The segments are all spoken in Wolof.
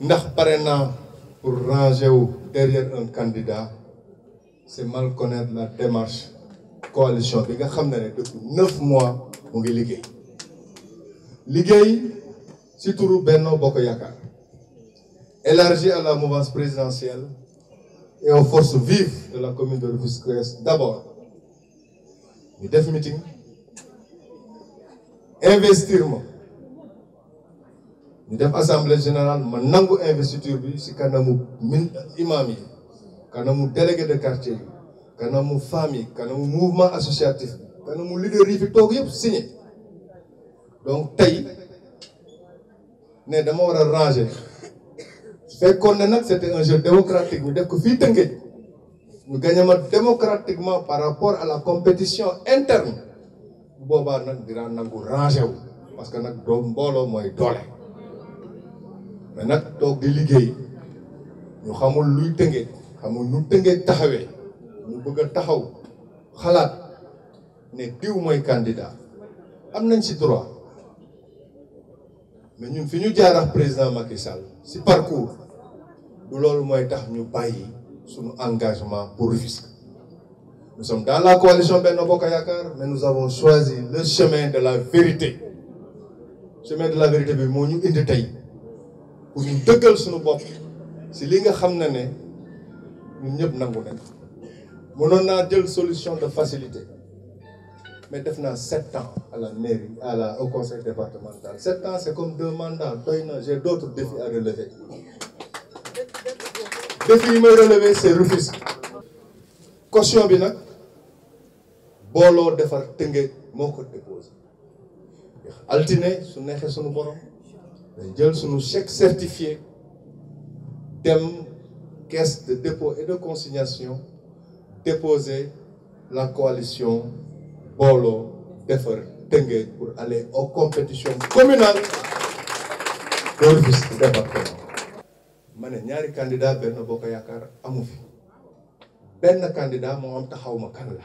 ndax pas pour ranger derrière un candidat c'est mal connaître la démarche coalition bi nga xam ne depuis neuf mois On ngi liggéey liggéey ci turu Benno boko yakar élargi à la mouvance présidentielle et aux forces vives de la commune de Rufisque d'abord le def meeting investir ñu def assemblée général ma nangu investiture bi si kanamu min imam yi kanamu délégué de quartier yi kanamu femme yi kanamu mouvement associatif bi kanamu leader yi fi toog yëpp signé donc tey ne dama war a ranger fekkoon ne nag c'était un jeu démocratique ñu def ko fii tënkee ñu gagné ma démocratiquement par rapport à la compétition interne bu boobaa nag dinaa nangu ranger wu parce que nag doom mbooloo mooy doole. mais nag toog di liggéey ñu xamul luy nous xamul lu tëngeej taxawé ñu bëgg taxaw xalaat né diw moy candidat am nañ ci droit mais ñun fi ñu jaarax président Macky Sall ci parcours du lolu moy tax ñu bayyi suñu engagement pour risque. nous sommes dans la coalition Benno Bokk Yakar mais nous avons choisi le chemin de la vérité chemin de la vérité bi mo ñu indi tay pour nous dëggal suñu bopp si li nga xam ne ne ñun ñëpp de nañ mënoon naa jël solution de facilité mais def 7 sept ans à la mairie à la au conseil départemental 7 ans c'est comme deux mandats j'ai d'autres défis à relever défi à relever c'est refus. caution bi de faire defar mon moo ko Altiné, altine su neexee sunu borom dañ jël suñu chèque certifié dem caisse de dépôt et de consignation déposer la coalition Bolo Defar Tengue pour aller aux compétitions communales de Rufisque département ma ne ñaari candidat benn boo ko yaakaar amu fi benn candidat moo am taxaw ma kan la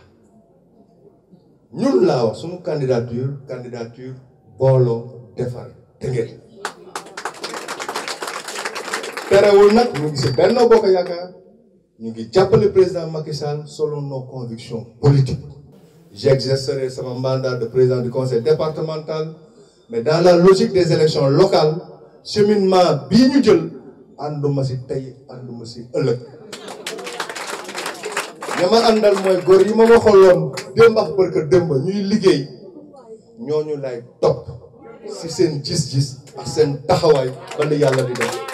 ñun laa wax suñu candidature candidature Booloo Defar Tengue terewul ñu sommes président Macky Sall selon nos convictions politiques j'exercerai le mandat de président du conseil départemental mais dans la logique des élections locales cheminement bii ñu jël Nous si tey ànduma si kolom demba yi ma nyonyo lay si sen gis-gis Tahawai yalla